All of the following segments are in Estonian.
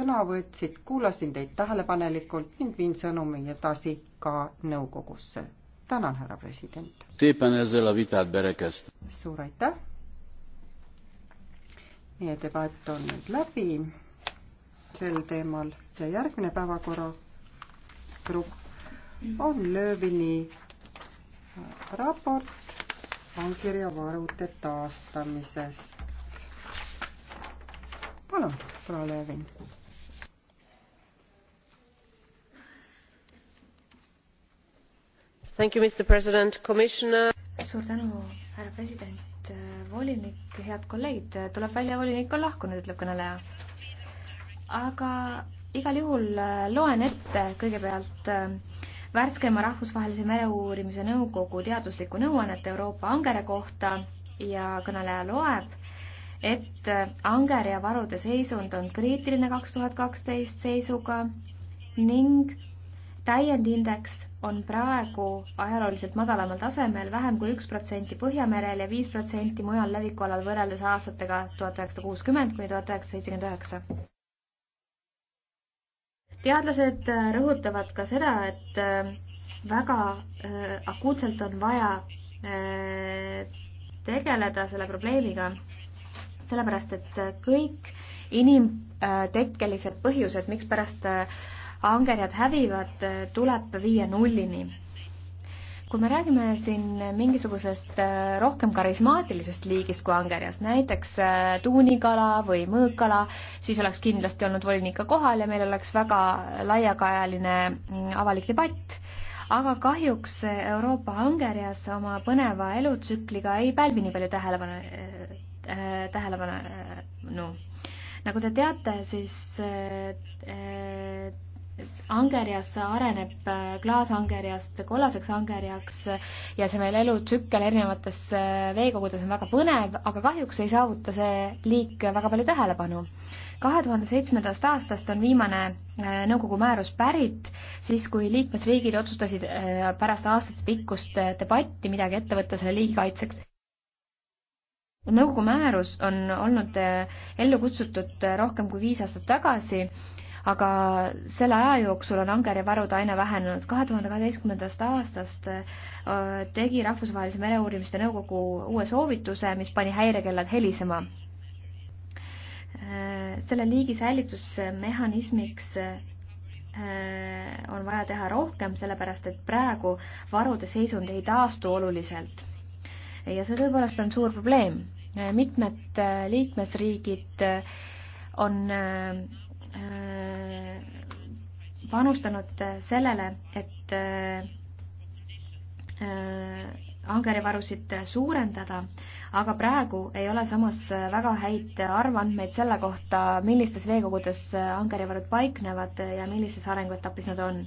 sõna võtsid, kuulasin teid tähelepanelikult ning viin sõnumi edasi ka nõukogusse. tänan, härra president. suur aitäh. meie debatt on nüüd läbi sel teemal ja järgmine päevakorragrupp on Löövini raport allkirjavarude taastamisest. palun, proua Löövin suur tänu, härra president, volinik, head kolleegid, tuleb välja, volinik on lahkunud, ütleb kõneleja. aga igal juhul äh, loen ette kõigepealt äh, värskema rahvusvahelise mereuurimise nõukogu teaduslikku nõuannet Euroopa angere kohta ja kõneleja loeb et äh, angerja varude seisund on kriitiline kaks tuhat kaksteist seisuga ning täiendindeks on praegu ajalooliselt madalamal tasemel, vähem kui üks protsenti Põhjamerel ja viis protsenti mujal leviku alal võrreldes aastatega tuhat üheksasada kuuskümmend kuni tuhat üheksasada seitsekümmend üheksa. teadlased äh, rõhutavad ka seda, et äh, väga äh, akuutselt on vaja äh, tegeleda selle probleemiga, sellepärast et äh, kõik inimtekkelised põhjused, mikspärast äh, angerjad hävivad, tuleb viia nullini. kui me räägime siin mingisugusest äh, rohkem karismaatilisest liigist kui angerjas, näiteks äh, tuunikala või mõõkala, siis oleks kindlasti olnud volinik ka kohal ja meil oleks väga laiakajaline mm, avalik debatt aga kahjuks Euroopa angerjas oma põneva elutsükliga ei pälvi nii palju tähelepanu äh,, äh tähelepanu äh,, no. nagu te teate, siis äh, angerjas areneb äh, klaasangerjast kollaseks angerjaks äh, ja see meil elutsükkel erinevates äh, veekogudes on väga põnev, aga kahjuks ei saavuta see liik väga palju tähelepanu. kahe tuhande seitsmendast aastast on viimane nõukogu määrus pärit, siis kui liikmesriigid otsustasid pärast aastate pikkust debatti midagi ette võtta selle liigi kaitseks nõukogu määrus on olnud ellu kutsutud rohkem kui viis aastat tagasi aga selle aja jooksul on angerjavarud aina vähenenud. kahe tuhande kaheteistkümnendast aastast äh, tegi Rahvusvahelise Mereuurimiste Nõukogu uue soovituse, mis pani häirekellad helisema. Äh, selle liigi säilitusmehhanismiks äh, on vaja teha rohkem, sellepärast et praegu varude seisund ei taastu oluliselt. ja see tõepoolest on suur probleem. mitmed liikmesriigid on panustanud äh, sellele, et angerivarusid äh, äh, suurendada, aga praegu ei ole samas väga häid arvandmeid selle kohta, millistes veekogudes angerivarud paiknevad ja millises arenguetapis nad on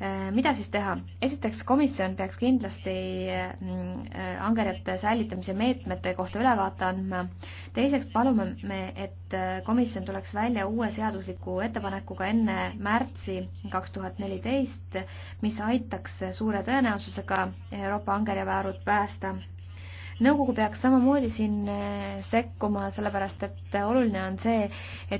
Äh, mida siis teha? esiteks, komisjon peaks kindlasti äh, angerjate säilitamise meetmete kohta ülevaate andma. teiseks palume me, et äh, komisjon tuleks välja uue seadusliku ettepanekuga enne märtsi kaks tuhat neliteist, mis aitaks suure tõenäosusega Euroopa angerjaväärud päästa nõukogu peaks samamoodi siin sekkuma, sellepärast et oluline on see,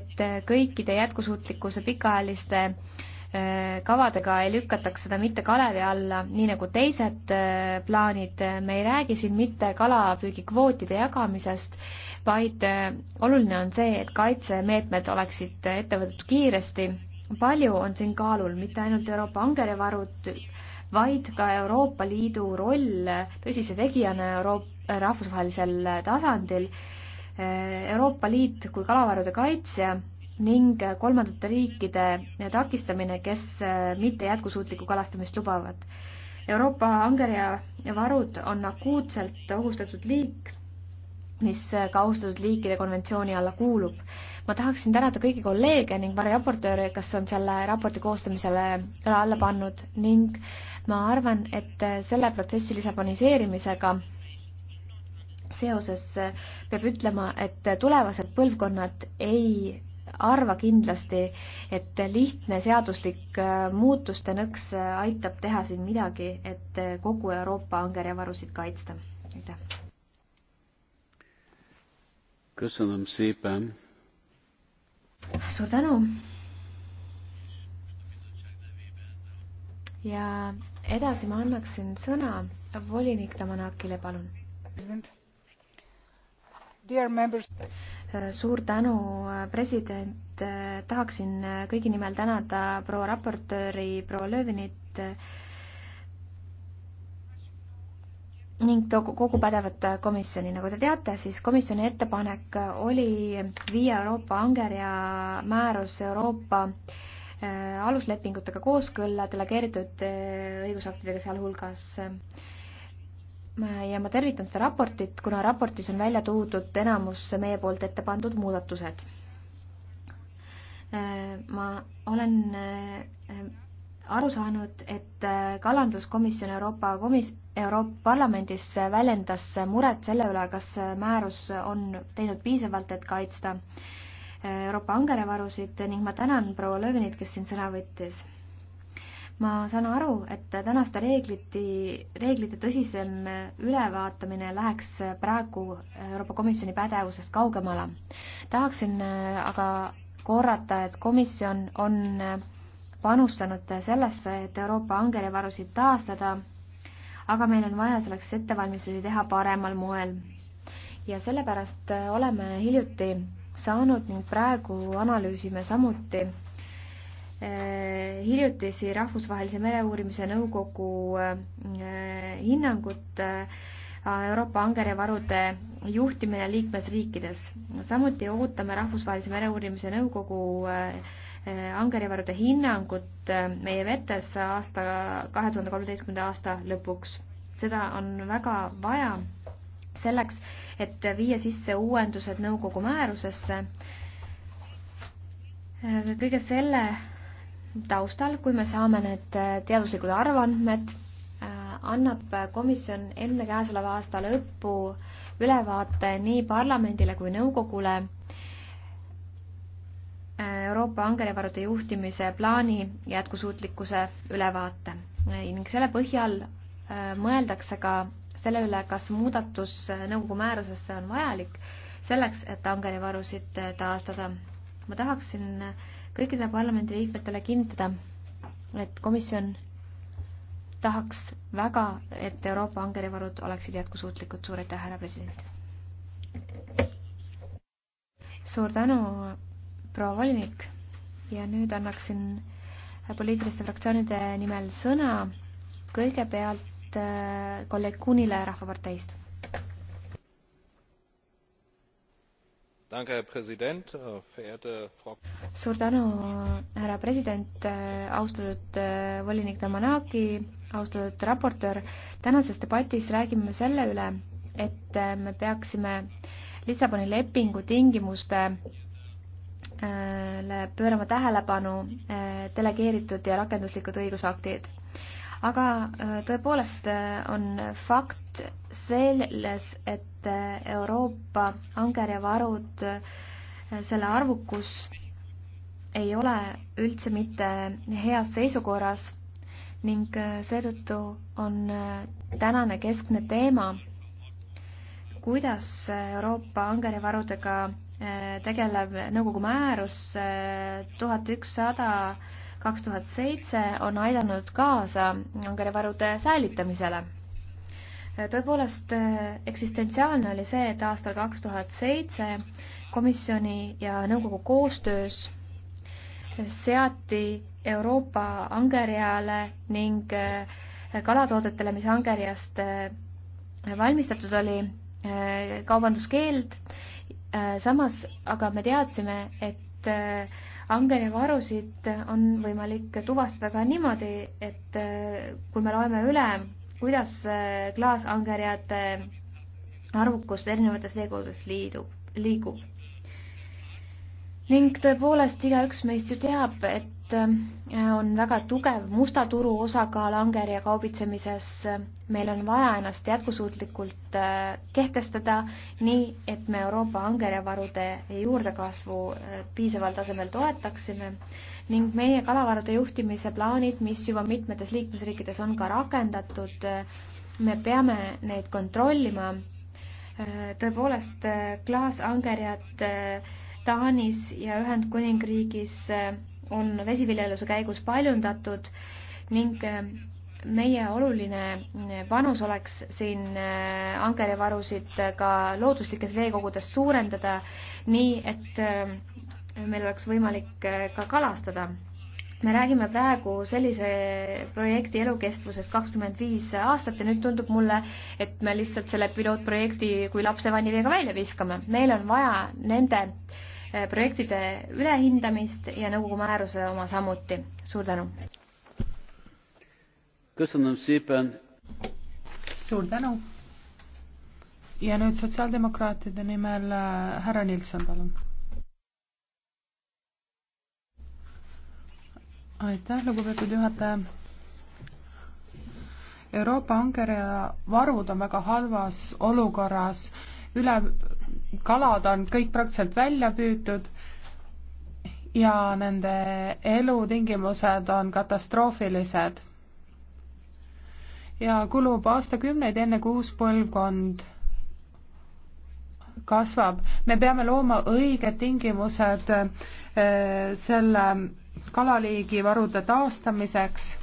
et kõikide jätkusuutlikkuse pikaajaliste äh, Äh, kavadega ei lükataks seda mitte kalevi alla, nii nagu teised äh, plaanid. me ei räägi siin mitte kalapüügikvootide jagamisest, vaid äh, oluline on see, et kaitsemeetmed oleksid ette võetud kiiresti. palju on siin kaalul mitte ainult Euroopa angerjavarud, vaid ka Euroopa Liidu roll tõsise tegijana Euroop-, rahvusvahelisel tasandil. Euroopa Liit kui kalavarude kaitsja ning kolmandate riikide takistamine, kes äh, mitte jätkusuutlikku kalastamist lubavad. Euroopa angerja varud on akuutselt ohustatud liik, mis ka ohustatud liikide konventsiooni alla kuulub. ma tahaksin tänada kõiki kolleege ning variraportööre, kes on selle raporti koostamisele õla alla pannud ning ma arvan, et selle protsessi lisaboniseerimisega seoses peab ütlema, et tulevased põlvkonnad ei arva kindlasti, et lihtne seaduslik äh, muutuste nõks äh, aitab teha siin midagi, et äh, kogu Euroopa angerjavarusid kaitsta. aitäh. suur tänu. ja edasi ma annaksin sõna volinik Damanakile, palun. president. Dear members suur tänu, äh, president, äh, tahaksin äh, kõigi nimel tänada proua raportööri, proua Löövinit ning kogu pädevat komisjoni, nagu te teate, siis komisjoni ettepanek oli viia Euroopa angerja määrus Euroopa aluslepingutega kooskõlla delegeeritud õigusaktidega sealhulgas ja ma tervitan seda raportit, kuna raportis on välja toodud enamus meie poolt ette pandud muudatused. Äh, ma olen äh, aru saanud, et äh, kalanduskomisjon Euroopa komis-, Euroopa Parlamendis väljendas muret selle üle, kas määrus on teinud piisavalt, et kaitsta Euroopa angerevarusid ning ma tänan proua Löövinit, kes siin sõna võttis ma saan aru, et tänaste reegliti, reeglite tõsisem ülevaatamine läheks praegu Euroopa Komisjoni pädevusest kaugemale. tahaksin äh, aga korrata, et komisjon on äh, panustanud sellesse, et Euroopa angerjavarusid taastada, aga meil on vaja selleks ettevalmistusi teha paremal moel. ja sellepärast äh, oleme hiljuti saanud ning praegu analüüsime samuti Eh, hiljutisi Rahvusvahelise Mereuurimise Nõukogu eh, hinnangut eh, Euroopa angerjavarude juhtimine liikmesriikides. samuti ootame Rahvusvahelise Mereuurimise Nõukogu angerjavarude hinnangut meie vetes aasta, kahe tuhande kolmeteistkümnenda aasta lõpuks. seda on väga vaja selleks, et viia sisse uuendused nõukogu määrusesse. kõige selle taustal, kui me saame need äh, teaduslikud arvandmed, äh, annab äh, komisjon enne käesoleva aasta lõppu ülevaate nii parlamendile kui nõukogule Euroopa angerivarude juhtimise plaani jätkusuutlikkuse ülevaate ning selle põhjal mõeldakse ka selle üle, kas muudatus nõukogu määrusesse on vajalik selleks, et angerivarusid taastada. ma tahaksin äh, kõikidele parlamendiliikmetele kinnitada, et komisjon tahaks väga, et Euroopa angerivarud oleksid jätkusuutlikud. suur aitäh, härra president! suur tänu, proua volinik ja nüüd annaksin poliitiliste fraktsioonide nimel sõna kõigepealt äh, kolleeg Kunile Rahvaparteist Äh, suur tänu, härra president, äh, austatud äh, volinik Damanaki, austatud raportöör. tänases debatis räägime me selle üle, et me peaksime Lissaboni lepingu tingimustele pöörama tähelepanu delegeeritud ja rakenduslikud õigusaktid aga äh, tõepoolest äh, on fakt selles, et äh, Euroopa angerjavarud, selle arvukus ei ole üldse mitte heas seisukorras ning seetõttu on tänane keskne teema, kuidas Euroopa angerjavarudega tegelev nõukogu määrus tuhat ükssada kaks tuhat seitse on aidanud kaasa angervarude säilitamisele. tõepoolest, eksistentsiaalne oli see, et aastal kaks tuhat seitse komisjoni ja nõukogu koostöös seati Euroopa angerjale ning kalatoodetele, mis angerjast valmistatud oli, kaubanduskeeld, samas aga me teadsime, et angenevarusid on võimalik tuvastada ka niimoodi, et äh, kui me loeme üle, kuidas äh, klaasangerjade arvukus erinevates veekogudes liidub, liigub. ning tõepoolest, igaüks meist ju teab, et et äh, on väga tugev musta turu osakaal angeri ja kaubitsemises. meil on vaja ennast jätkusuutlikult äh, kehtestada, nii et me Euroopa angerjavarude juurdekasvu äh, piisaval tasemel toetaksime ning meie kalavarude juhtimise plaanid, mis juba mitmetes liikmesriikides on ka rakendatud, me peame neid kontrollima. tõepoolest, klaasangerjad Taanis ja Ühendkuningriigis on vesiviljeluse käigus paljundatud ning äh, meie oluline äh, panus oleks siin äh, angerjavarusid ka looduslikes veekogudes suurendada, nii et meil oleks võimalik ka kalastada. me räägime praegu sellise projekti elukestvusest kakskümmend viis aastat ja nüüd tundub mulle, et me lihtsalt selle pilootprojekti kui lapsevanniveega välja viskame. meil on vaja nende äh, Eh, projektide ülehindamist ja nõukogu määruse oma samuti. suur tänu. suur tänu. ja nüüd sotsiaaldemokraatide nimel eh, härra Nilsson, palun. aitäh, lugupeetud juhataja Euroopa angerja varud on väga halvas olukorras, üle kalad on kõik praktiliselt välja püütud ja nende elutingimused on katastroofilised. ja kulub aastakümneid, enne kui uus põlvkond kasvab. me peame looma õiged tingimused äh, selle kalaliigi varude taastamiseks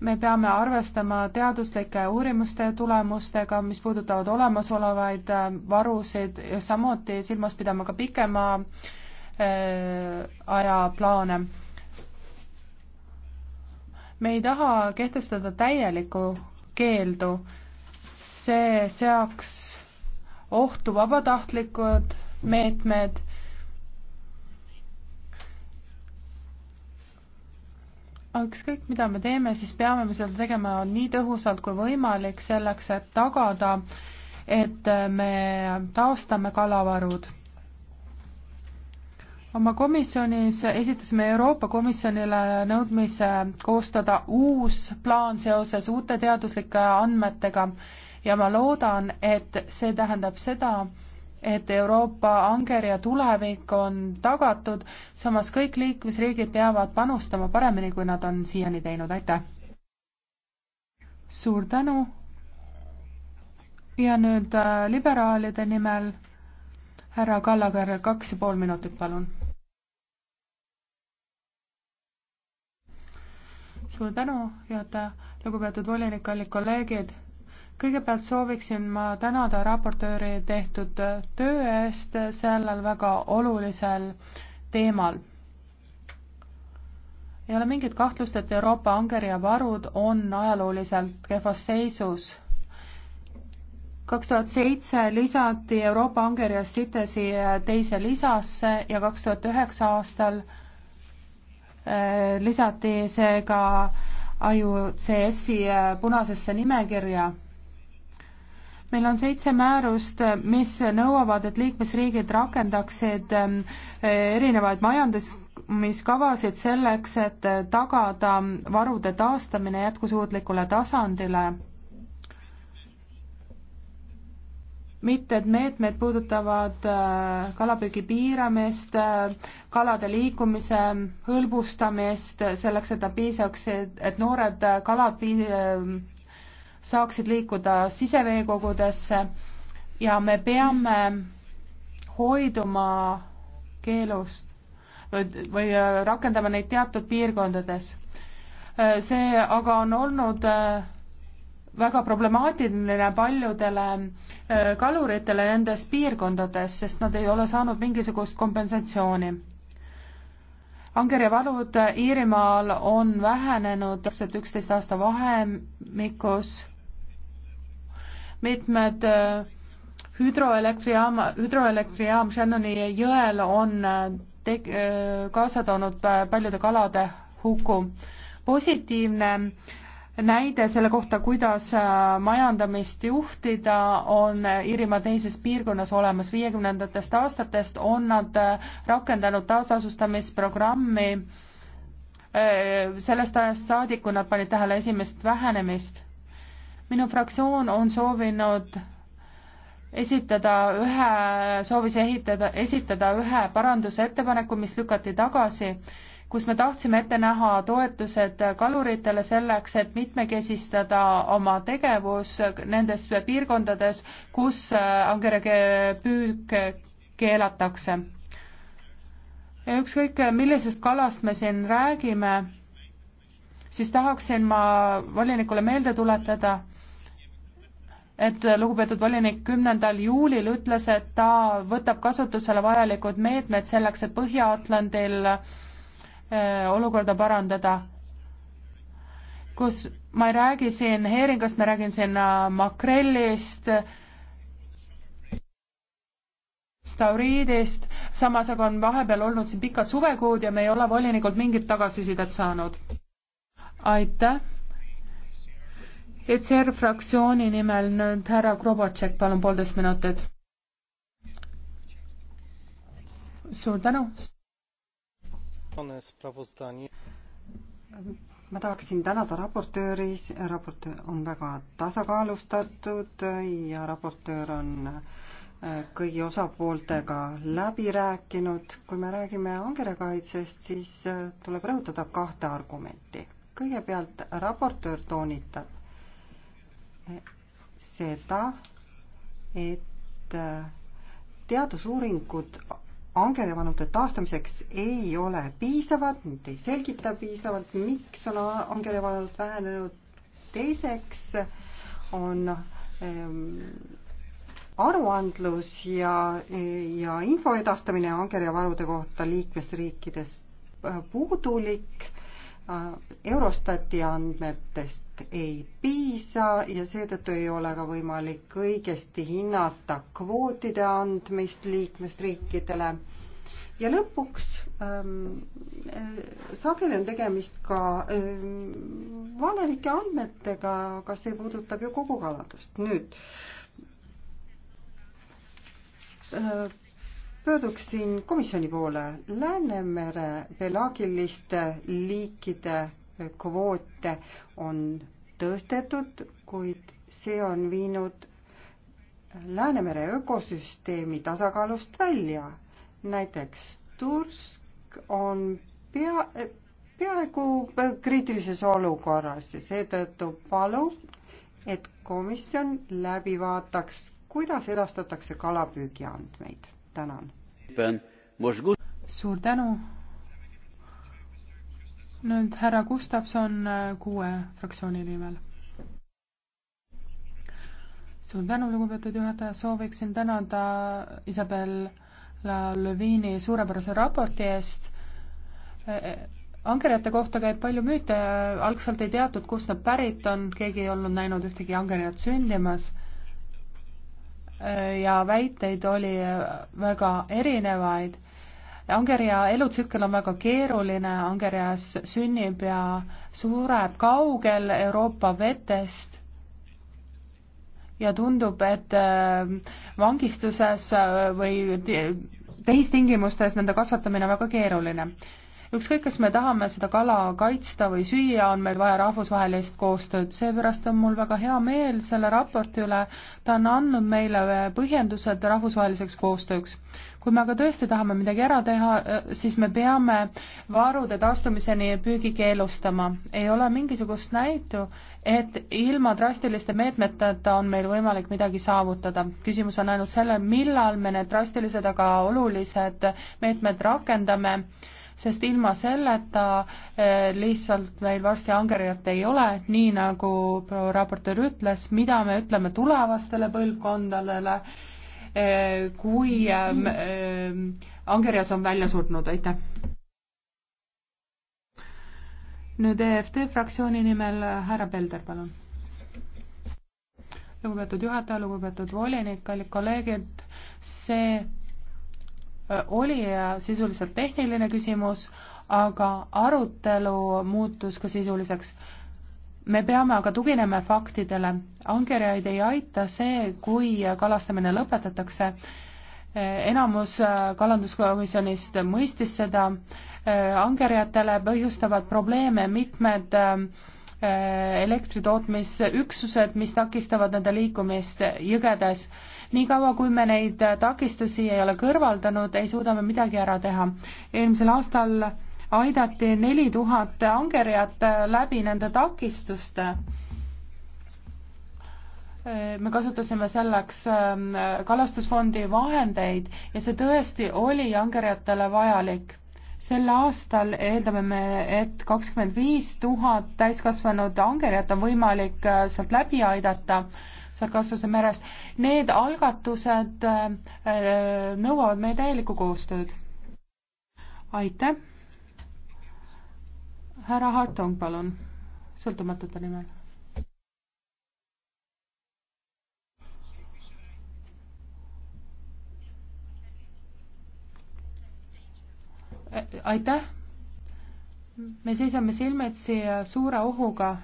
me peame arvestama teaduslike uurimuste tulemustega, mis puudutavad olemasolevaid äh, varusid ja samuti silmas pidama ka pikema äh, ajaplaane. me ei taha kehtestada täielikku keeldu, see seaks ohtu vabatahtlikud meetmed ükskõik, mida me teeme, siis peame me seda tegema nii tõhusalt kui võimalik, selleks et tagada, et me taastame kalavarud. oma komisjonis esitasime Euroopa Komisjonile nõudmise koostada uus plaan seoses uute teaduslike andmetega ja ma loodan, et see tähendab seda, et Euroopa angerja tulevik on tagatud, samas kõik liikmesriigid peavad panustama paremini, kui nad on siiani teinud, aitäh! suur tänu ja nüüd äh, liberaalide nimel härra Kallakarjal kaks ja pool minutit, palun. suur tänu, juhataja, lugupeetud volinik, kallid kolleegid kõigepealt sooviksin ma tänada raportööri tehtud töö eest sellel väga olulisel teemal. ei ole mingit kahtlust, et Euroopa angerjavarud on ajalooliselt kehvas seisus. kaks tuhat seitse lisati Euroopa angerjas sitesi teise lisasse ja kaks tuhat üheksa aastal eh, lisati see ka IUCS-i eh, punasesse nimekirja meil on seitse määrust, mis nõuavad, et liikmesriigid rakendaksid ähm, erinevaid majandamiskavasid selleks, et tagada varude taastamine jätkusuutlikule tasandile. mitmed meetmed puudutavad äh, kalapüügi piiramist, äh, kalade liikumise hõlbustamist selleks, et nad piisaksid, et noored äh, kalad pii-, saaksid liikuda siseveekogudesse ja me peame hoiduma keelust või äh, rakendama neid teatud piirkondades. Äh, see aga on olnud äh, väga problemaatiline paljudele kaluritele nendes piirkondades, sest nad ei ole saanud mingisugust kompensatsiooni. angerjavalud Iirimaal on vähenenud kaks tuhat üksteist aasta vahemikus mitmed äh, hüdroelektrijaama, hüdroelektrijaam Shannoni jõel on äh, te-, äh, kaasa toonud paljude kalade huku. positiivne näide selle kohta, kuidas majandamist juhtida, on Iirimaa teises piirkonnas olemas. viiekümnendatest aastatest on nad rakendanud taasasustamisprogrammi sellest ajast saadik, kui nad panid tähele esimest vähenemist minu fraktsioon on soovinud esitada ühe, soovis ehitada, esitada ühe parandusettepaneku, mis lükati tagasi, kus me tahtsime ette näha toetused kaluritele selleks, et mitmekesistada oma tegevus nendes piirkondades, kus äh, angerjapüük keelatakse. ja ükskõik, millisest kalast me siin räägime, siis tahaksin ma volinikule meelde tuletada, et lugupeetud volinik kümnendal juulil ütles, et ta võtab kasutusele vajalikud meetmed selleks, et Põhja-Atlandil eh, olukorda parandada. kus ma ei räägi siin heeringast, ma räägin siin äh, makrellist, stauriidist, samas aga on vahepeal olnud siin pikad suvekuud ja me ei ole volinikult mingit tagasisidet saanud. aitäh! ECR fraktsiooni nimel nüüd härra Krobotšek, palun poolteist minutit. suur tänu. ma tahaksin tänada raportööri, raportöör on väga tasakaalustatud ja raportöör on äh, kõigi osapooltega läbi rääkinud. kui me räägime angerjakaitsest, siis äh, tuleb rõhutada kahte argumenti. kõigepealt raportöör toonitab, seda, et äh, teadusuuringud angervanute taastamiseks ei ole piisavad, nad ei selgita piisavalt, miks on angervanud vähenenud. teiseks on ähm, aruandlus ja, ja info edastamine angerjavarude kohta liikmesriikides äh, puudulik Äh, Eurostati andmetest ei piisa ja seetõttu ei ole ka võimalik õigesti hinnata kvootide andmist liikmesriikidele. ja lõpuks ähm, äh, sageli on tegemist ka ähm, valelike andmetega, aga see puudutab ju kogu kalandust. nüüd äh, pöörduksin komisjoni poole. Läänemere pelaagiliste liikide kvoote on tõstetud, kuid see on viinud Läänemere ökosüsteemi tasakaalust välja. näiteks Tursk on pea, peaaegu kriitilises olukorras ja seetõttu palub, et komisjon läbi vaataks, kuidas edastatakse kalapüügiandmeid. tänan suur tänu. nüüd härra Gustavson äh, kuue fraktsiooni nimel. suur tänu, lugupeetud juhataja, sooviksin tänada Isabel Löviini suurepärase raporti eest äh, äh, angerjate kohta käib palju müüte, algselt ei teatud, kust nad pärit on, keegi ei olnud näinud ühtegi angerjat sündimas ja väiteid oli väga erinevaid. angerja elutsükkel on väga keeruline, angerjas sünnib ja sureb kaugel Euroopa vetest ja tundub, et äh, vangistuses äh, või teistingimustes nende kasvatamine on väga keeruline ükskõik, kas me tahame seda kala kaitsta või süüa, on meil vaja rahvusvahelist koostööd, seepärast on mul väga hea meel selle raporti üle, ta on andnud meile põhjendused rahvusvaheliseks koostööks. kui me aga tõesti tahame midagi ära teha, siis me peame varude taastumiseni püügi keelustama. ei ole mingisugust näitu, et ilma drastiliste meetmeteta on meil võimalik midagi saavutada. küsimus on ainult sellel, millal me need drastilised, aga olulised meetmed rakendame sest ilma selleta eh, lihtsalt meil varsti angerjat ei ole, nii nagu proua raportöör ütles, mida me ütleme tulevastele põlvkondadele, eh, kui eh, angerjas on välja surnud, aitäh! nüüd EFT fraktsiooni nimel härra Pelder, palun lugupeetud juhataja, lugupeetud volinik, kallid kolleegid, see oli sisuliselt tehniline küsimus, aga arutelu muutus ka sisuliseks. me peame aga tuginema faktidele. angerjaid ei aita see, kui kalastamine lõpetatakse. enamus kalanduskomisjonist mõistis seda. angerjatele põhjustavad probleeme mitmed äh, Äh, elektritootmisüksused, mis takistavad nende liikumist jõgedes. niikaua, kui me neid takistusi ei ole kõrvaldanud, ei suuda me midagi ära teha. eelmisel aastal aidati neli tuhat angerjat läbi nende takistuste. Äh, me kasutasime selleks ähm, kalastusfondi vahendeid ja see tõesti oli angerjatele vajalik sel aastal eeldame me, et kakskümmend viis tuhat täiskasvanud angerjat on võimalik äh, sealt läbi aidata, sealt Kasvuse merest. Need algatused äh, äh, nõuavad meie täielikku koostööd. aitäh. härra Hartong, palun, sõltumatute nimel aitäh. me seisame silmitsi suure ohuga.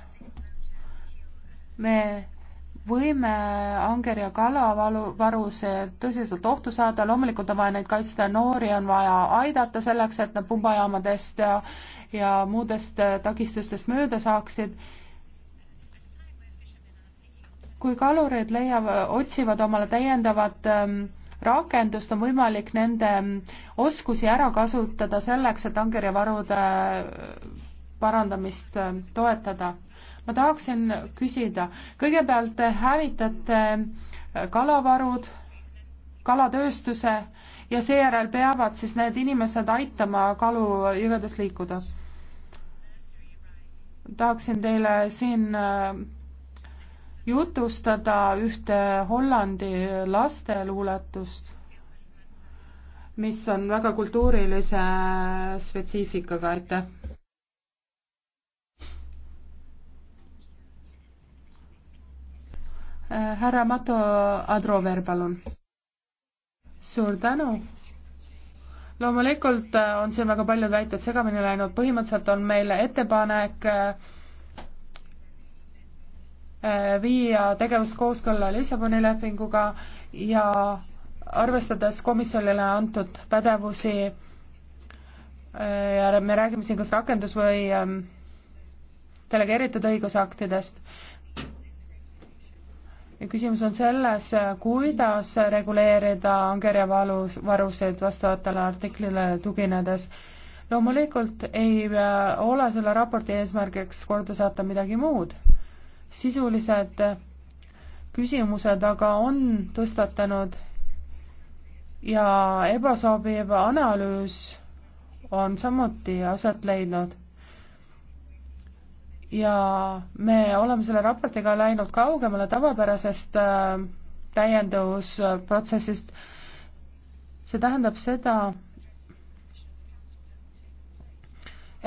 me võime anger- ja kalavarus tõsiselt ohtu saada, loomulikult on vaja neid kaitsta, noori on vaja aidata selleks, et nad pumbajaamadest ja, ja muudest takistustest mööda saaksid. kui kalurid leiavad, otsivad omale täiendavat ähm, rakendust, on võimalik nende oskusi ära kasutada selleks, et angerjavarude parandamist äh, toetada. ma tahaksin küsida, kõigepealt te hävitate äh, kalavarud, kalatööstuse ja seejärel peavad siis need inimesed aitama kalu jõgedes liikuda tahaksin teile siin äh, jutustada ühte Hollandi lasteluuletust, mis on väga kultuurilise spetsiifikaga, aitäh. härra Mato Adrover, palun. suur tänu loomulikult on siin väga paljud väited segamini läinud, põhimõtteliselt on meil ettepanek äh, Äh, viia tegevus kooskõlla Lissaboni lepinguga ja arvestades komisjonile antud pädevusi äh, ja me räägime siin kas rakendus- või ähm, delegeeritud õigusaktidest. ja küsimus on selles, kuidas reguleerida angerjavarusid vastavatele artiklile tuginedes. loomulikult ei äh, ole selle raporti eesmärgiks korda saata midagi muud sisulised küsimused aga on tõstatanud ja ebasobiv analüüs on samuti aset leidnud. ja me oleme selle raportiga läinud kaugemale tavapärasest äh, täiendusprotsessist. see tähendab seda,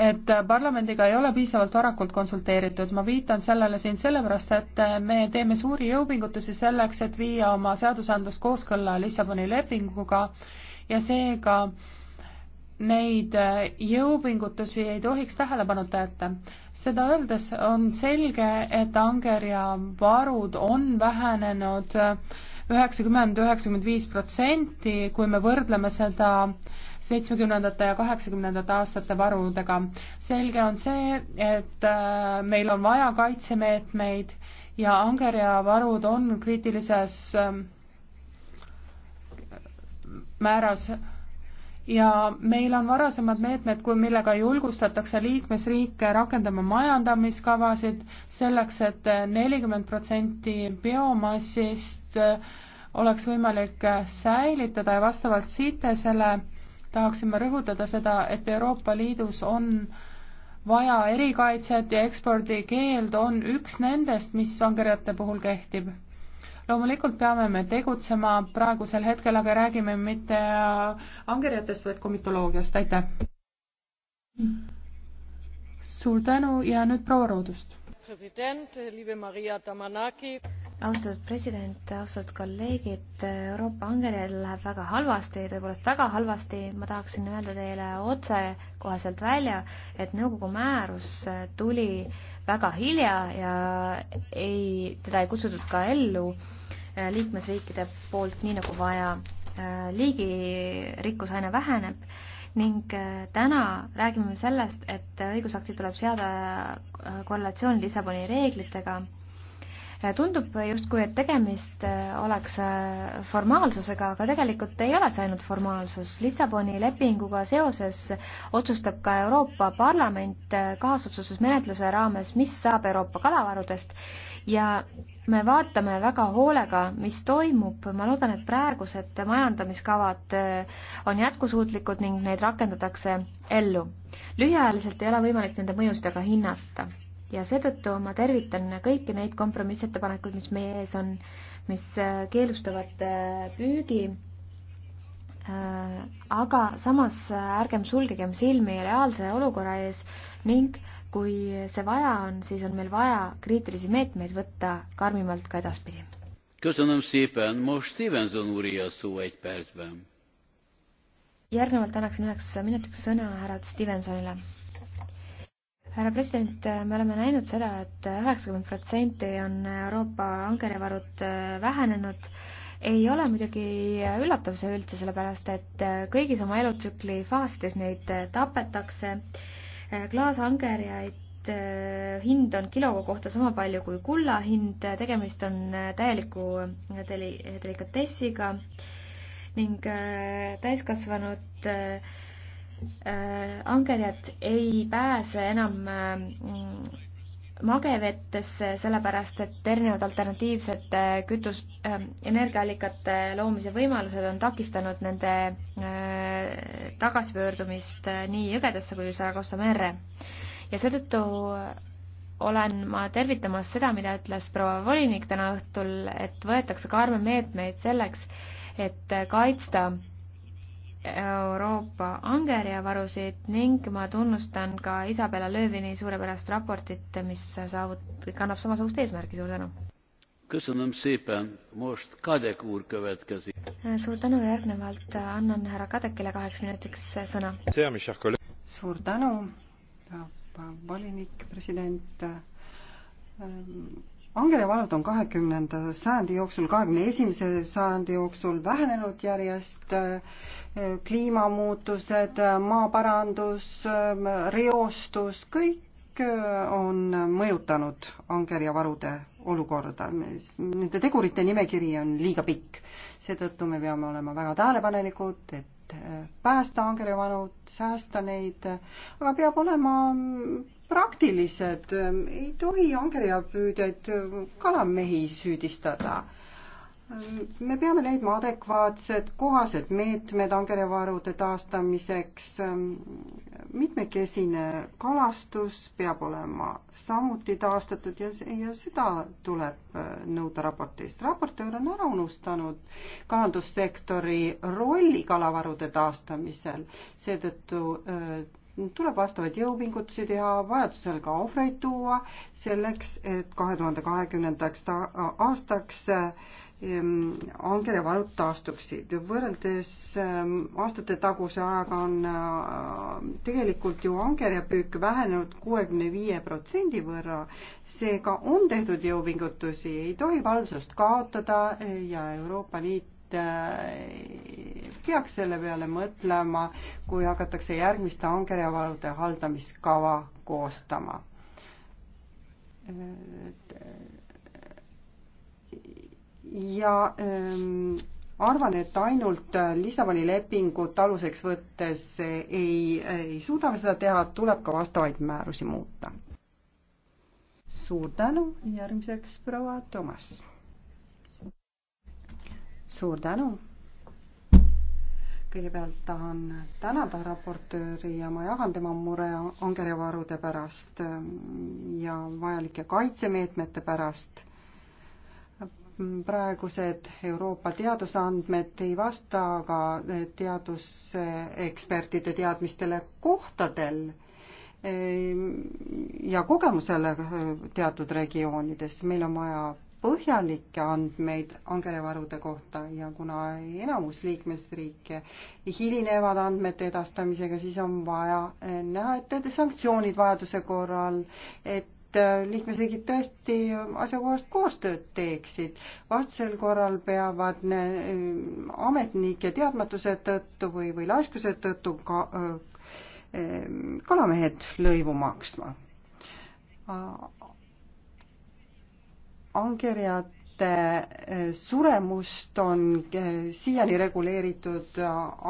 et parlamendiga ei ole piisavalt varakult konsulteeritud. ma viitan sellele siin sellepärast, et me teeme suuri jõupingutusi selleks, et viia oma seadusandlust kooskõlla Lissaboni lepinguga ja seega neid jõupingutusi ei tohiks tähelepanuta jätta. seda öeldes on selge, et angerja varud on vähenenud üheksakümmend, üheksakümmend viis protsenti, kui me võrdleme seda seitsmekümnendate ja kaheksakümnendate aastate varudega. selge on see, et äh, meil on vaja kaitsemeetmeid ja angerja varud on kriitilises ähm, määras ja meil on varasemad meetmed, kui millega julgustatakse liikmesriike rakendama majandamiskavasid selleks et, et nelikümmend protsenti biomassist äh, oleks võimalik äh, säilitada ja vastavalt CITES-ele tahaksin ma rõhutada seda, et Euroopa Liidus on vaja erikaitset ja ekspordikeeld on üks nendest, mis angerjate puhul kehtib. loomulikult peame me tegutsema praegusel hetkel, aga räägime mitte angerjatest, vaid komitoloogiast, aitäh! suur tänu ja nüüd proua Roodust! president, liebe Maria Damanaki! austatud president, austatud kolleegid, Euroopa angerjal läheb väga halvasti, tõepoolest väga halvasti, ma tahaksin öelda teile otsekoheselt välja, et nõukogu määrus tuli väga hilja ja ei, teda ei kutsutud ka ellu liikmesriikide poolt nii nagu vaja. liigirikkus aina väheneb ning täna räägime sellest, et õigusaktid tuleb seada korrelatsioon Lissaboni reeglitega Äh, tundub justkui, et tegemist äh, oleks äh, formaalsusega, aga tegelikult ei ole see ainult formaalsus. Lissaboni lepinguga seoses otsustab ka Euroopa Parlament kaasotsustusmenetluse raames, mis saab Euroopa kalavarudest ja me vaatame väga hoolega, mis toimub, ma loodan, et praegused majandamiskavad on jätkusuutlikud ning neid rakendatakse ellu. lühiajaliselt ei ole võimalik nende mõjusid aga hinnata ja seetõttu ma tervitan kõiki neid kompromissettepanekuid, mis meie ees on, mis äh, keelustavad äh, püügi. Äh, aga samas ärgem sulgegem silmi reaalse olukorra ees ning kui see vaja on, siis on meil vaja kriitilisi meetmeid võtta karmimalt ka edaspidi. järgnevalt annaksin üheks minutiks sõna härra Stevensonile härra president, me oleme näinud seda et, et üheksakümmend protsenti on Euroopa angerjavarud äh, vähenenud. ei ole muidugi üllatav see üldse, sellepärast et äh, kõigis oma elutsükli faasides neid äh, tapetakse. klaasangerjaid hind on kilo kohta sama palju kui kulla hind, tegemist on täieliku deli-, delikatessiga ning täiskasvanud äh, Äh, angerjad ei pääse enam äh, magevettesse, sellepärast et erinevad alternatiivsed äh, kütus, energiaallikate loomise võimalused on takistanud nende tagasipöördumist nii jõgedesse kui Saragossa merre. ja seetõttu olen ma tervitamas seda, mida ütles proua volinik täna õhtul, et võetakse karme meetmeid selleks, et kaitsta Euroopa angerjavarusid ning ma tunnustan ka Isabella Lövini suurepärast raportit, mis saavut-, kannab samasugust eesmärki, suur tänu! suur tänu, järgnevalt annan härra Kadekile kaheks minutiks sõna. suur tänu, volinik, president ehm, angerjavalud on kahekümnenda sajandi jooksul, kahekümne esimese sajandi jooksul vähenenud järjest kliimamuutused, maaparandus, reostus, kõik äh, on mõjutanud angerjavarude olukorda. Nende tegurite nimekiri on liiga pikk. seetõttu me peame olema väga tähelepanelikud, et äh, päästa angerjavarud, säästa neid, aga peab olema mm, praktilised, ei tohi angerjapüüdjaid kalamehi süüdistada me peame leidma adekvaatsed, kohased meetmed angerjavarude taastamiseks. mitmekesine kalastus peab olema samuti taastatud ja, ja seda tuleb äh, nõuda raportist. raportöör on ära unustanud kalandussektori rolli kalavarude taastamisel, seetõttu äh, tuleb vastavaid jõupingutusi teha, vajadusel ka ohvreid tuua selleks, et kahe tuhande kahekümnendaks aastaks äh, Ehm, angerjavarud taastuksid. võrreldes ehm, aastate taguse ajaga on äh, tegelikult ju angerjapüük vähenenud kuuekümne viie protsendi võrra, seega on tehtud jõupingutusi, ei tohi valvsust kaotada ja Euroopa Liit äh, peaks selle peale mõtlema, kui hakatakse järgmiste angerjavarude haldamiskava koostama äh, ja ähm, arvan, et ainult äh, Lissaboni lepingut aluseks võttes ei, ei suuda seda teha, tuleb ka vastavaid määrusi muuta. suur tänu, järgmiseks proua Toomas. suur tänu. kõigepealt tahan tänada raportööri ja ma jagan tema mure angerjavarude pärast ähm, ja vajalike kaitsemeetmete pärast praegused Euroopa teadusandmed ei vasta aga teadusekspertide teadmistele kohtadel e, ja kogemusele teatud regioonides. meil on vaja põhjalikke andmeid angervarude kohta ja kuna enamus liikmesriike hilinevad andmete edastamisega, siis on vaja näha ette sanktsioonid vajaduse korral, et Äh, liikmesriigid tõesti asjakohast koostööd teeksid. vastasel korral peavad ametnike teadmatuse tõttu või, või laiskuse tõttu ka äh, kalamehed lõivu maksma. allkirjad laste eh, suremust on eh, siiani reguleeritud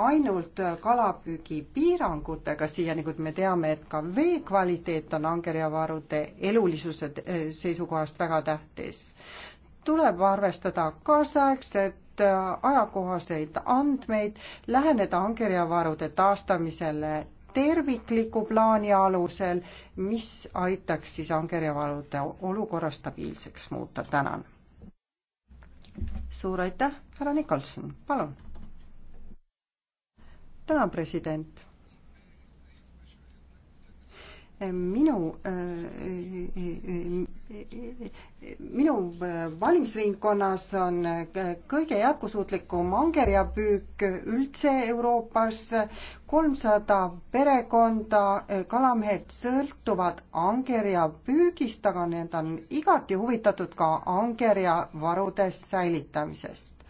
ainult kalapüügipiirangutega, siiani kui me teame, et ka vee kvaliteet on angerjavarude elulisuse eh, seisukohast väga tähtis. tuleb arvestada kaasaegset ajakohaseid andmeid, läheneda angerjavarude taastamisele tervikliku plaani alusel, mis aitaks siis angerjavarude olukorra stabiilseks muuta. tänan suur aitäh, härra Nikolson, palun. tänan, president minu, äh, minu äh, valimisringkonnas on äh, kõige jätkusuutlikum angerjapüük üldse Euroopas. kolmsada perekonda, kalamehed sõltuvad angerjapüügist, aga need on igati huvitatud ka angerjavarude säilitamisest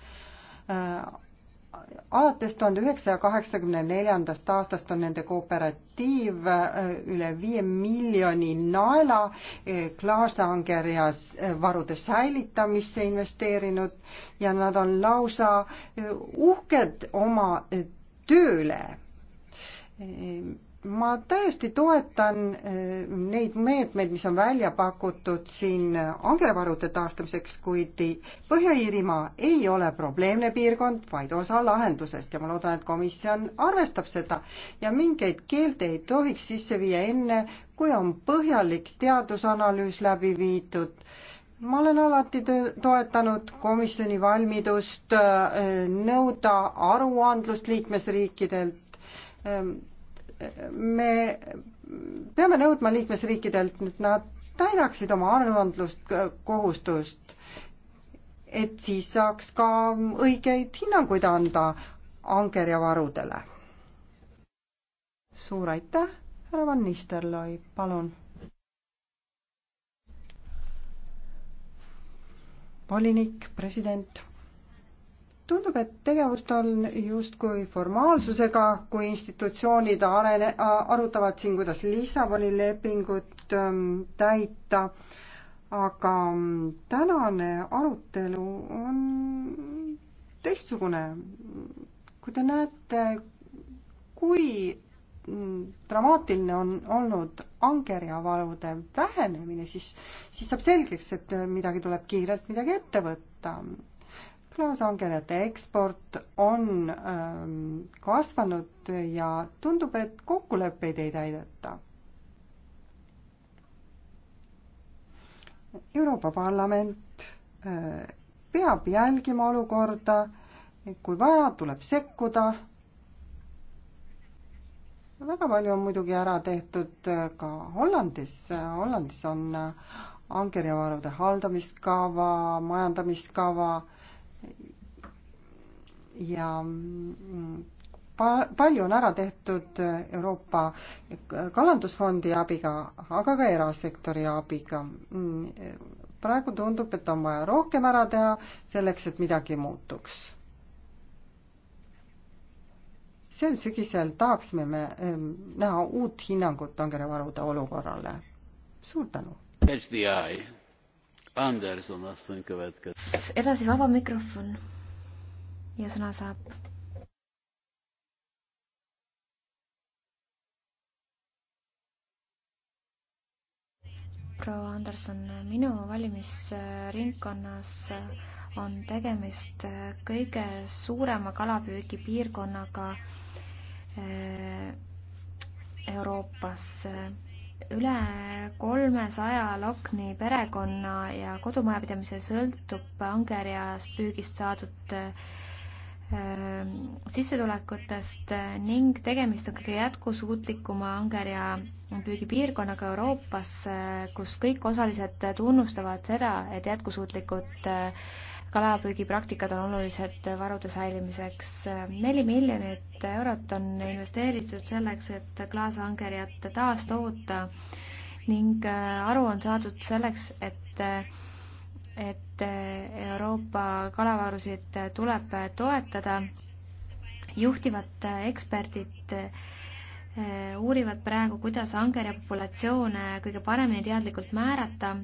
alates tuhande üheksasaja kaheksakümne neljandast aastast on nende kooperatiiv äh, üle viie miljoni naela äh, klaasangerjas äh, varude säilitamisse investeerinud ja nad on lausa uhked oma tööle ma täiesti toetan eh, neid meetmeid, mis on välja pakutud siin angervarude taastamiseks, kuid Põhja-Iirimaa ei ole probleemne piirkond, vaid osa lahendusest ja ma loodan, et komisjon arvestab seda ja mingeid keelde ei tohiks sisse viia enne, kui on põhjalik teadusanalüüs läbi viidud ma olen alati toetanud komisjoni valmidust eh, nõuda aruandlust liikmesriikidelt ehm, me peame nõudma liikmesriikidelt, et nad täidaksid oma aruandlust, kohustust, et siis saaks ka õigeid hinnanguid anda angerjavarudele. suur aitäh, härra Van Nistelrooy, palun. volinik, president tundub, et tegevust on justkui formaalsusega, kui institutsioonid arene-, arutavad siin, kuidas Lissaboni lepingut ähm, täita, aga ähm, tänane arutelu on teistsugune. kui te näete, kui mm, dramaatiline on olnud angerjavalude vähenemine, siis, siis saab selgeks, et äh, midagi tuleb kiirelt midagi ette võtta Klaus Angerjate eksport on ähm, kasvanud ja tundub, et kokkuleppeid ei täideta. Euroopa Parlament äh, peab jälgima olukorda, kui vaja, tuleb sekkuda väga palju on muidugi ära tehtud äh, ka Hollandis. Hollandis on äh, angerjavarude haldamiskava, majandamiskava ja pa-, palju on ära tehtud Euroopa Kalandusfondi abiga, aga ka erasektori abiga. praegu tundub, et on vaja rohkem ära teha selleks, et midagi muutuks. sel sügisel tahaksime me ehm, näha uut hinnangut angervarude olukorrale. suur tänu! Anderson asszony következik. Edasi vaba mikrofon ja sõna saab. proua Anderson, minu valimisringkonnas on tegemist kõige suurema kalapüügipiirkonnaga eh, Euroopas üle kolmesaja Lokni perekonna ja kodumajapidamise sõltub angerjas püügist saadud äh, sissetulekutest ning tegemist on kõige jätkusuutlikuma angerja püügipiirkonnaga Euroopas, äh, kus kõik osalised tunnustavad seda, et jätkusuutlikud äh, kalapüügipraktikad on olulised varude säilimiseks. neli miljonit eurot on investeeritud selleks, et klaasangerjat taastoota ning äh, aru on saadud selleks, et et Euroopa kalavarusid tuleb toetada. juhtivad eksperdid äh, uurivad praegu, kuidas angerja populatsioone kõige paremini teadlikult määrata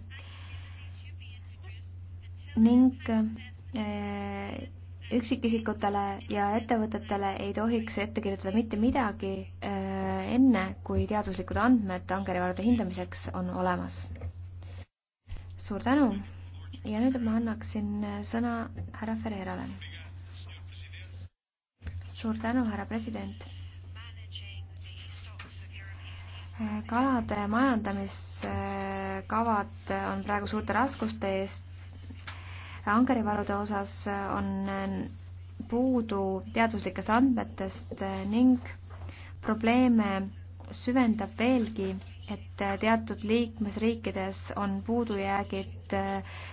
ning äh, üksikisikutele ja ettevõtetele ei tohiks ette kirjutada mitte midagi äh, enne, kui teaduslikud andmed tankerivarade hindamiseks on olemas. suur tänu ja nüüd ma annaksin sõna härra Ferreirale. suur tänu, härra president kalade majandamiskavad on praegu suurte raskuste eest ankerivarude osas äh, on äh, puudu teaduslikest andmetest äh, ning probleeme süvendab veelgi, et teatud liikmesriikides on puudujäägid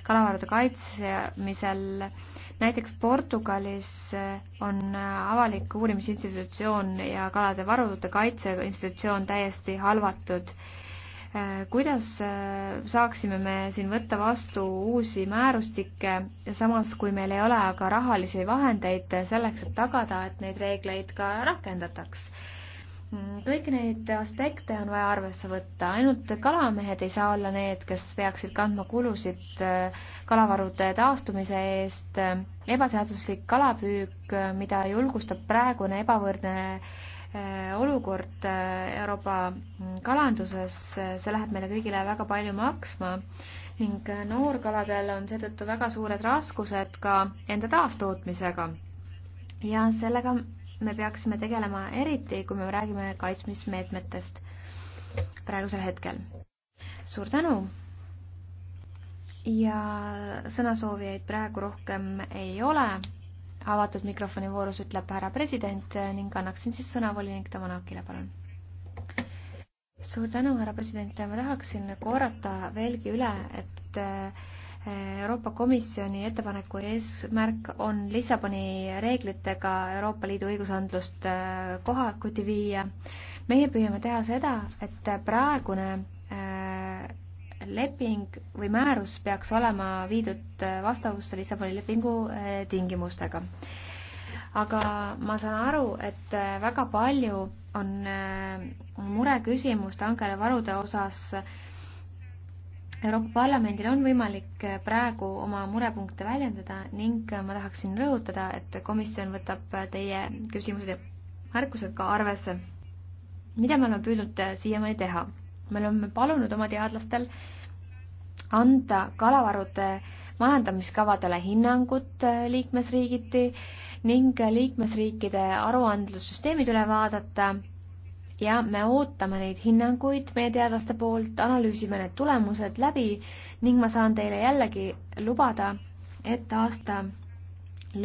kalavarude kaitsmisel. näiteks Portugalis on avalik uurimisinstitutsioon ja kalade varude kaitseinstitutsioon täiesti halvatud Äh, kuidas äh, saaksime me siin võtta vastu uusi määrustikke ja samas, kui meil ei ole aga rahalisi vahendeid selleks, et tagada, et neid reegleid ka rakendataks? Mm, kõiki neid aspekte on vaja arvesse võtta, ainult kalamehed ei saa olla need, kes peaksid kandma kulusid äh, kalavarude taastumise eest. ebaseaduslik kalapüük, mida julgustab praegune ebavõrdne Äh, olukord äh, Euroopa mm, kalanduses, äh, see läheb meile kõigile väga palju maksma ning noorkaladel on seetõttu väga suured raskused ka enda taastootmisega. ja sellega me peaksime tegelema eriti, kui me räägime kaitsmismeetmetest praegusel hetkel. suur tänu! ja sõnasoovijaid praegu rohkem ei ole avatud mikrofoni voorus ütleb härra president eh, ning annaksin siis sõna volinik Tamanakile, palun. suur tänu, härra president, ma tahaksin korrata veelgi üle, et eh, Euroopa Komisjoni ettepaneku eesmärk on Lissaboni reeglitega Euroopa Liidu õigusandlust eh, kohakuti viia. meie püüame teha seda, et praegune leping või määrus peaks olema viidud vastavusse Lissaboni lepingu eh, tingimustega. aga ma saan aru, et eh, väga palju on eh, mureküsimust ankerivarude osas. Euroopa Parlamendil on võimalik praegu oma murepunkte väljendada ning ma tahaksin rõhutada, et komisjon võtab teie küsimused ja märkused ka arvesse, mida me oleme püüdnud siiamaani teha me oleme palunud oma teadlastel anda kalavarude majandamiskavadele hinnangut äh, liikmesriigiti ning liikmesriikide aruandlussüsteemid üle vaadata ja me ootame neid hinnanguid meie teadlaste poolt, analüüsime need tulemused läbi ning ma saan teile jällegi lubada, et aasta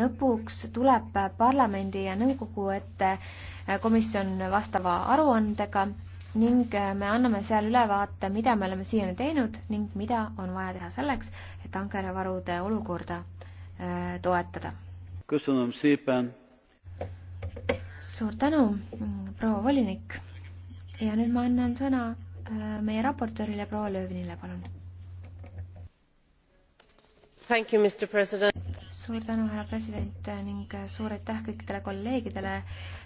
lõpuks tuleb parlamendi ja nõukogu ette äh, komisjon vastava aruandega ning äh, me anname seal ülevaate, mida me oleme siiani teinud ning mida on vaja teha selleks, et ankervarude äh, olukorda äh, toetada. suur tänu, mm, proua volinik. ja nüüd ma annan sõna meie raportöörile proua Löövinile, palun. suur tänu, härra president ning suur aitäh kõikidele kolleegidele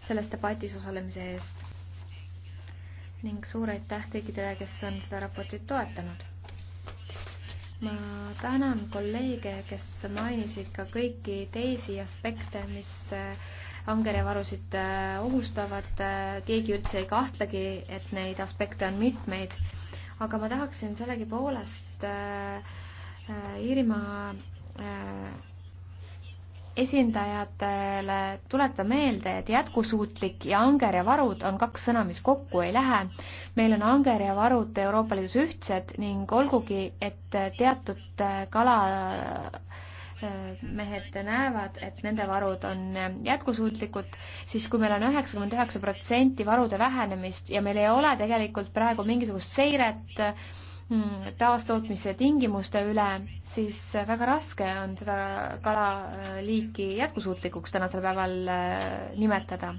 selles debatis osalemise eest ning suur aitäh kõikidele, kes on seda raportit toetanud. ma tänan kolleege, kes mainisid ka kõiki teisi aspekte, mis äh, angerjavarusid äh, ohustavad, äh, keegi üldse ei kahtlegi, et neid aspekte on mitmeid, aga ma tahaksin sellegipoolest Iirimaa äh, esindajatele tuleta meelde, et jätkusuutlik ja angerjavarud on kaks sõna, mis kokku ei lähe. meil on angerjavarud Euroopa Liidus ühtsed ning olgugi, et teatud äh, kalamehed äh, näevad, et nende varud on jätkusuutlikud, siis kui meil on üheksakümmend üheksa protsenti varude vähenemist ja meil ei ole tegelikult praegu mingisugust seiret, Hmm, taastootmise tingimuste üle, siis väga raske on seda kalaliiki äh, jätkusuutlikuks tänasel päeval äh, nimetada.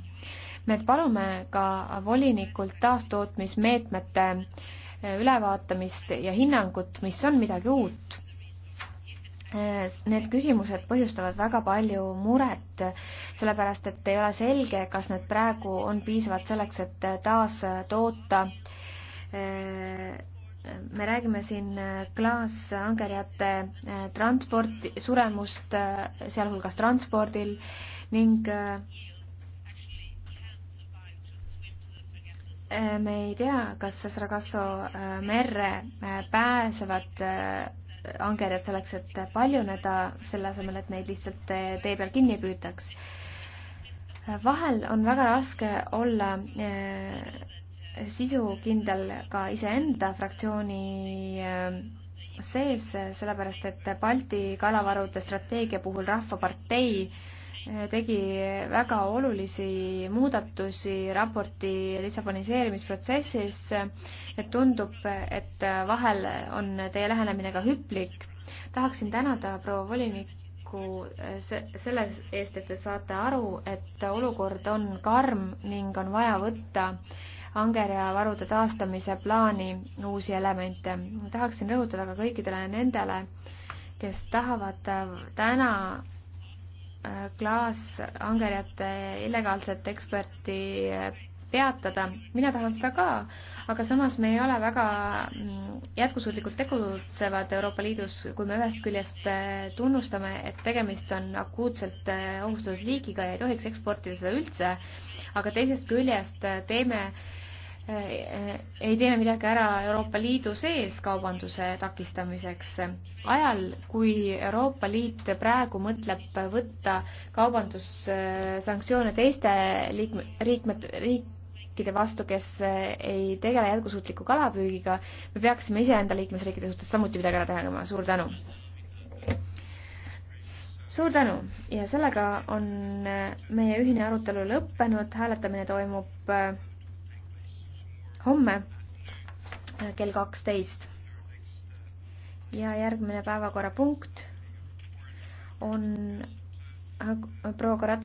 me palume ka volinikult taastootmismeetmete äh, ülevaatamist ja hinnangut, mis on midagi uut. Need küsimused põhjustavad väga palju muret, sellepärast et ei ole selge, kas need praegu on piisavad selleks, et taas toota me räägime siin äh, klaasangerjate äh, transporti, suremust, äh, sealhulgas transpordil ning me ei tea, kas Sasrakasso merre pääsevad angerjad selleks, et paljuneda, selle asemel, et neid lihtsalt tee peal kinni püütaks. vahel on väga raske olla sisukindel ka iseenda fraktsiooni ähm, sees, sellepärast et Balti kalavarude strateegia puhul Rahvapartei äh, tegi väga olulisi muudatusi raporti lissaboniseerimisprotsessis, et tundub, et vahel on teie lähenemine ka hüplik. tahaksin tänada proua volinikku äh, selle eest, et te saate aru, et olukord on karm ning on vaja võtta äh, angerja varude taastamise plaani uusi elemente. tahaksin rõhutada ka kõikidele nendele, kes tahavad äh, täna äh, klaasangerjate illegaalset eksporti äh, peatada, mina tahan seda ka, aga samas me ei ole väga mm, jätkusuutlikult tegutsevad Euroopa Liidus, kui me ühest küljest tunnustame, et tegemist on akuutselt ohustatud liigiga ja ei tohiks eksportida seda üldse, aga teisest küljest teeme äh, ei tee me midagi ära Euroopa Liidu sees kaubanduse takistamiseks. ajal, kui Euroopa Liit praegu mõtleb võtta kaubandussanktsioone teiste liikme, liikmed, riikide vastu, kes ei tegele jätkusuutliku kalapüügiga, me peaksime iseenda liikmesriikide suhtes samuti midagi ära tegema. suur tänu! suur tänu ja sellega on meie ühine arutelu lõppenud, hääletamine toimub homme äh, kell kaksteist. ja järgmine päevakorrapunkt on äh, proua Karat-.